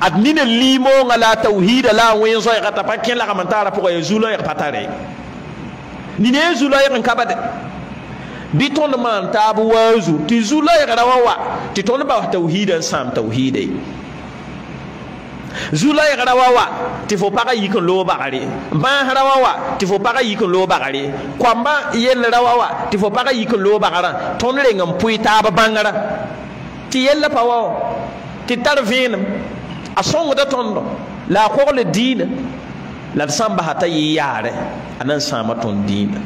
Adnine nine limo ngala tawhid la wenzo ya kata la kamantara pour ya zulo ya patare Nine ne zulo ya Biton de bi man tabu wazu ti zulo ya rawa wa ti ton ba sam tauhide zula y rawa wa tɩ fo pagã yik lo bagare ba bãas rawa wa fo pagã yik lo bagare bagre fo lo bagara ba ti yella pa ti a sõngda tõndo la a kogl diinã la d sã n basa t'a yɩ yaare a na n sãama tõnd diinã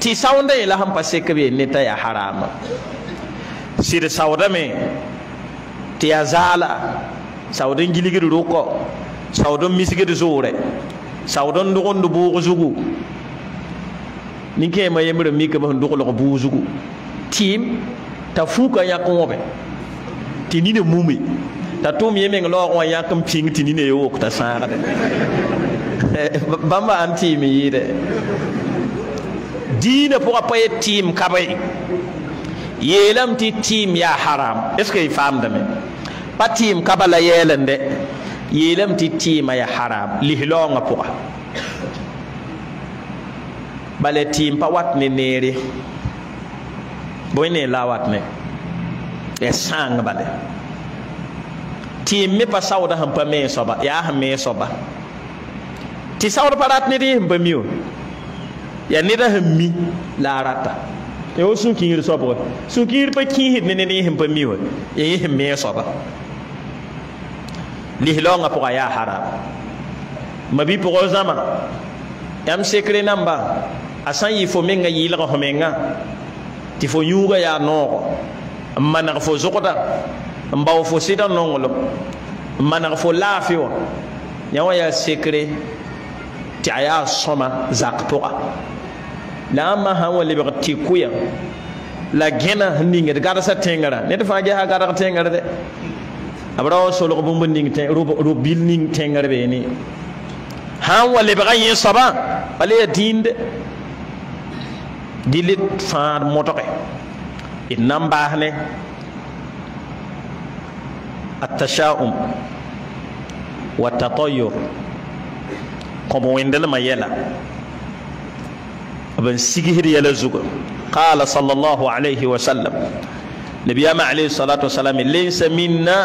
tɩ saoondã yẽ la sẽn pa sekb ye ne t'a yaa haraama sɩd saoodame tɩ yaa zaala saood n gilgd rʋkɔ saood n misgd zoore saood n dʋgend bʋʋg zugu ninkẽemã yembr n mikame sẽn dʋglg bʋʋg zugu tɩɩm t'a fuukã yãk wõbe tɩ nina mume t'a tʋʋm yẽ meng laoog wã yãk n pĩng tɩ nina ye wok t'a sãagde bãmba an tɩɩm yɩɩdɛ diinã pʋgã pa ye tɩɩm kabe yeelame tɩ tɩɩm yaa haram est ce que y faamdame pa tɩɩm kaba la yɛɛlende yeelame tɩ tɩɩmã ya haram lislaoongã pʋga bala tɩɩm pa wat ne neere bõe ne la wat ne ya e sãng bale tɩ me pa saoda sẽn pa mee soaba yaa sẽn mee soaba tɩ saod pa rat ned sẽn pa mi o yaa neda sẽn mi la a rata ya wo sũ-kĩigr soabge sũ-kĩigr pa kĩisd ne ned sẽn pa mi wa ya yẽ sẽn mee soaba lislaoongã pʋga yaa haram ma bɩ pʋgã zãma yãmb sekre namba a sã n yɩ fo menga yɩɩlg fo menga tɩ fo yũuga yaa noogo n maneg fo zʋgda mbaw bao fo sɩda nonglem n maneg fo wã yã wã sekre ti aya sõma zaktoa la ma ha wã lebg kuya la gẽna n ningd gadsa tẽngrã ned fãa gesa gadg tẽngr dɛ b ra wa solg bũmb robil ning tẽngr beene sãn wa be ni ha bala yaa dĩinde dɩ le fãad dilit d motoke baas ne التشاؤم والتطير قم ويندل ما يلا ابن سيجهر يلا زوج قال صلى الله عليه وسلم نبي عليه الصلاة والسلام ليس منا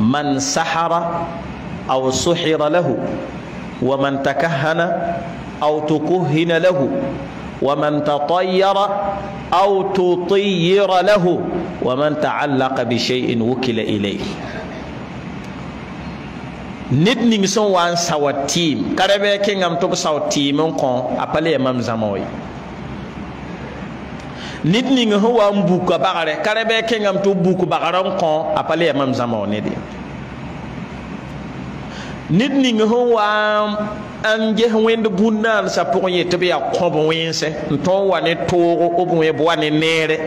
من سحر أو سحر له ومن تكهن أو تكهن له ومن تطير أو تطير له ومن تعلق بشيء وكل إليه نت نيسون وان ساو تيم كاربي كينغام توك ساو تيم اون كون ابالي امام زاموي نت نيغ هو ام بوكو باغاري كاربي كينغام تو بوكو باغارون كون ابالي امام زاموي ندي ned ning ho wa an je wen de bunan sa pour ye te biya ko bo yense to wa ne to o e bo ye bo ne nere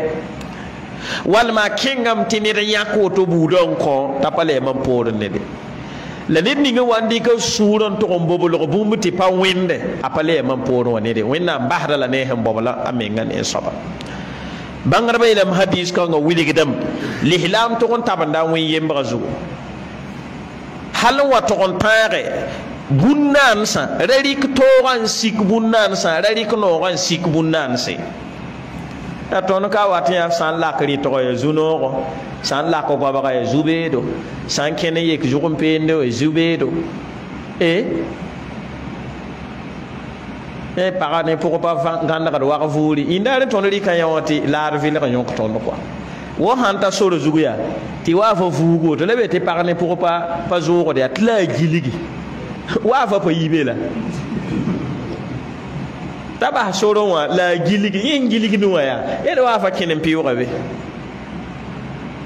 wal ma kingam tinir ya ko to bu don ko ta pale man por ne de la ned ning wa ndi ko suron to bo bo lo bo muti pa wende a pale man por wa ne de wen na bahra la ne hem bo bo la ame ngan e soba bangar bay lam hadis ko ngo wili gidam lihlam to kon tabanda wi yembazu halin watakon tare bunan san rarik toron sik bunan san rarik noron sik bunan san ta ton ka watin ya san lakri to ya zunoro san lakko ba ba ya zubedo san kene yek jukum pende ya zubedo e eh para ne pour pas vendre garde wa vuri inda ton rika ya wati larvi ne ko ton wo sãn zuguya sor zugya tɩ waafa vuugo tɩ la be tɩ pag ne pʋgẽ pa pa zoogd yaa tɩ la pa yibe la ta soro sor wã la a gilgi yẽn gilgdẽ wã yaa yed waafa kẽn be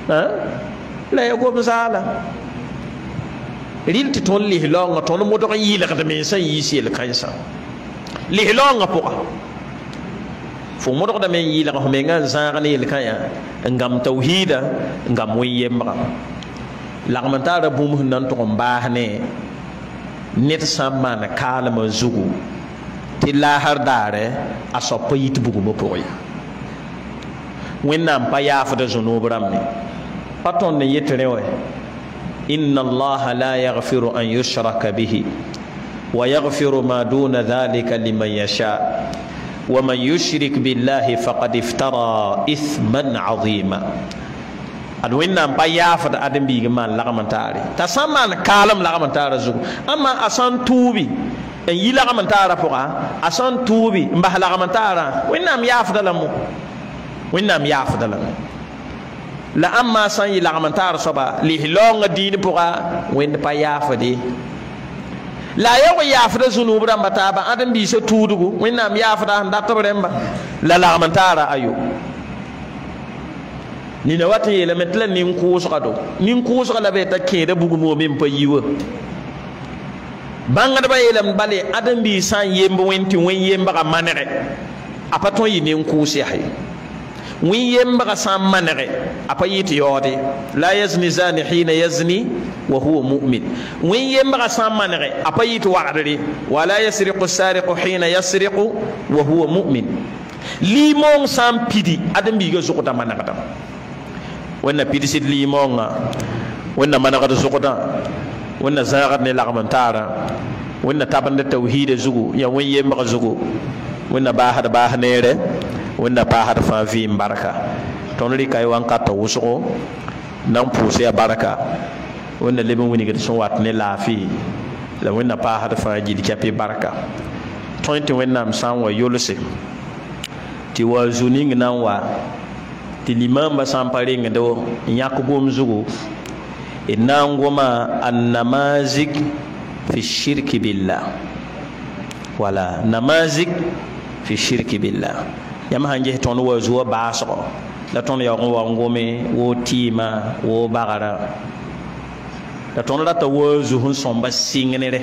hein? la ya gom zaala rɩl tɩ ton mo do yi la yɩlgd me sẽn yiis kansa li lislaoongã pʋga فمرق دمي يلقهم إنجا زارني الكايا إنغام توحيدا إنغام ويمبرا لغمتار بومه ننتقم باهني نتسامان كالم زوغو تلاهر داري أسو بيت بغم بوي وننام بياف دزنو برامي پتون نيترنوه إن الله لا يغفر أن يشرك به ويغفر ما دون ذلك لمن يشاء ومن يشرك بالله فقد افترى اثما عظيما ادوين نام بايا فد ادم بيغ مان لا من تاري تسمان كالم لا من تاري زو اما اسان توبي ان يلا من تاري فقا اسان توبي مبه لا من تاري وين نام يافدلم وين نام يافدلم لا اما سان يلا من تاري صبا لي لون دين بوغا وين بايا فدي la ya wa yafra da mata ba adam bi se tudugu winnam yafra da ba la la mantara ayo ni na wata yele tila nin kuusga kado nin kuusga la be ta da bugu mo min pa yiwa bãngd ba yeelame bale ãdem san yi n wani wẽn wani wẽn yembaga manege a pa yi nin ku kʋʋs yaa ويمبغ سام منغي أبايت يودي لا يزني زاني حين يزني وهو مؤمن ويمبغ سام منغي أبايت وعرري ولا يسرق السارق حين يسرق وهو مؤمن ليمون سام بيدي أدم بيجو زقدا منغدا وين بيدي سيد ليمون وين منغدا زقدا وين زاغد نلعمن تارا وين تابن التوحيد زوجو يا وين يمبغ زوجو وين باهر باهنيره wẽnna paa sd fãa vɩɩm barka tõnd rɩka y wa ka t'a wʋsgo nan n pʋʋs yaa barka wẽnna leb n wingd sẽn wat ne laafɩ la wẽnna paasd fãa gil kɛpɩ barka tõe tɩ wẽnnaam sã n wa yʋlse tɩ wa zu ning na n wa tɩ limamba sã n pa rengd yãk gom zugu d e na n goma annamazik fi shirki billah wala namazik fi shirki billah yãmb sãn ges tõnd wa zoa baasg la tõnd yaoog n wag gome woo tɩɩmã woo bagra la tõnd rata wa zus n sõmba sɩngnere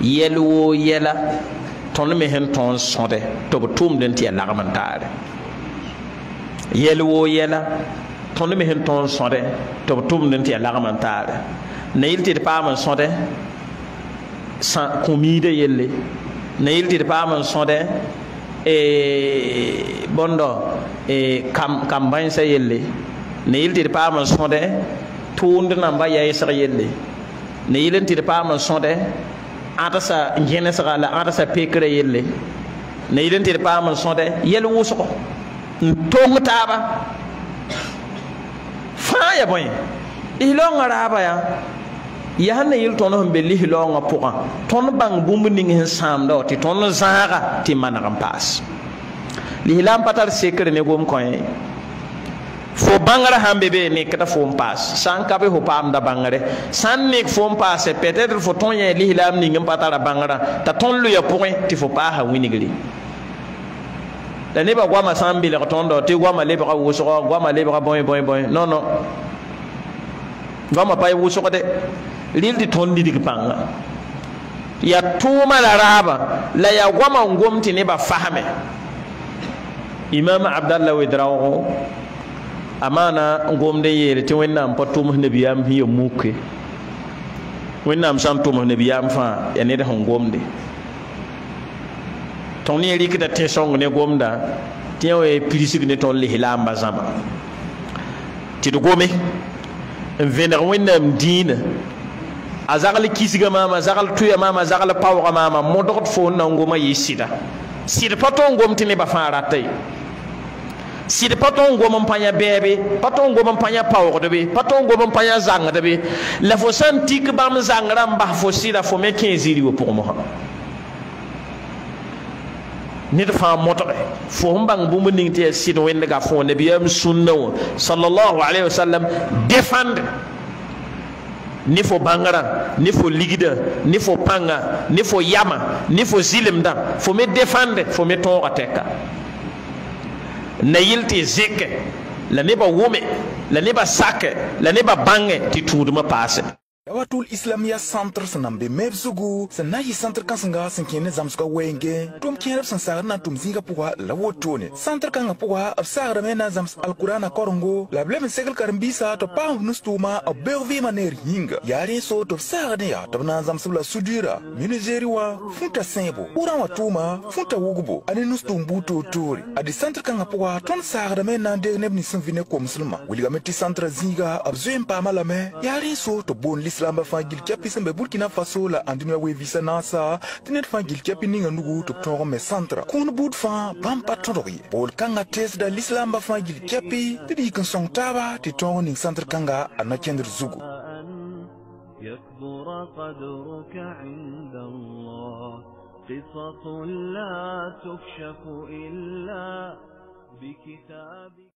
yɛl woo yɛla tõnd me sẽn tõn sõde tɩ b tʋʋmd n tɩ ya lagem n taare yɛl woo yɛla tõnd me sẽn tõn sõde tɩ b tʋʋmd n tɩ ya lagem n taare na yɩl tɩ d paam n sõde sã kũ-miidã yelle na yɩl tɩ d paam n sõde E, bondo e, kam kam bõndɔ sa yelle ne yɩl tɩ d sonde tuund na tʋʋmd namba sa yelle ne yɩl n tɩ sonde ata sa ngene sa gẽnesga ata sa pekre yelle ne yɩl n tɩ sonde paam n ko yɛl tong taaba fa ya boy ilo ngara ba ya ya sãn na yel tõnd sẽn be lislaoongã pʋgã tõnd bãng bũmb ning sẽn sãamda wa tɩ tõnd zãaga tɩ maneg n paas lislaam pa tar sekr ne gom kõ fo bãngrã sãn be bee nekda fo n paas sã n kabɩ fo paamda bãngre sã n nek fo n paase peut-être fo tõnd yẽ lislaam ning n pa tara bãngrã t'a tõnd loya pʋgẽ tɩ fo paasa wingre la nebã goamã sã n belg tõndo tɩ goamã lebga wʋsgɔ goamã lebga bõe bõe bõe non non goamã pa wʋsgde rĩndɩ tõnd lidg pãnga ya tʋʋma la raaba la ya goama n gom tɩ nebã fasme imam abdalla wedraoogo a maana n gomd n yeele tɩ wẽnnaam pa tʋms nabiyaam sẽn ya muke wẽnnaam sã n tʋms nabiyaam fãa ya ned sẽn gomde tõnd ne rɩkda tẽ-sõng ne gomda tɩ yã wa pirisg ne tõnd lislaamba zãma tɩ d gome n vẽneg wẽnnaam dĩinã azagal kisiga mama azagal tuya mama azagal paooga mama modgd fo n na n goma yɩ sɩda sɩd pa tõn gom tɩ nebã fãa rata ye sɩd pa tõn gom n pa yã bɛɛbe pa tõn gom n pa yã paoogdbe pa tõn gom n pa yã zãngdbe la fo sã n tik bãmb zãngrã n bas fo sɩda fo me kẽe ziri wã pʋgẽ mosã ned fãa modge fo sẽn bãng bũmb ning tɩ yaa sɩd wẽndga fõ nabiyaam sũnna sallallahu alaihi wasallam defend ni fo bãngrã ne fo ligda ne fo panga ne fo yama ne fo zilemdã fo me defande fo me tõoga tɛka na yɩl tɩ la nebã wʋme la nebã sake la nebã bãnge tɩ tũudmã paase Watul Islamia Center sẽn na n center meb zugu sẽn na n yɩ sãntr kãsenga sẽn ne zãmsgã wɛɛngẽ sẽn na n tʋm zĩigã la wotone sãntr-kãngã pʋga b sagrame na n zãms alkurana korengo la b leb n segl karen-biisã tɩ b paam b nustʋʋma b beog vɩɩmã neer yĩnga yaa rẽ so tɩ b sagd n yaa tɩ b na n la sudira minigeri wã fũta sẽebo pʋgrã wã tʋʋma fũta wugbo a ne nustʋʋm buud toore a dɩ sãntr-kãngã pʋga tõnd sagrame na n deeg neb nins sẽn vɩ ne komslmã wilgame tɩ sãntrã zĩiga b paamã lame yaa rẽ so tɩ boond silamba fãa gil kɛpi sẽn be burkina faso la a dũniyã weevisa naasa tɩ ned fãa gil kɛpi ninga nugu tɩ b tõog n me sãntra kũud buud fãa bãmb pa tõdg ye bool-kãngã teesda lislamba fãa gil kɛpi tɩ d yik n sõng taaba tɩ tõog n ning sãntr-kãnga a nakẽndr zugu يكبر قدرك عند الله قصص لا تكشف إلا بكتابك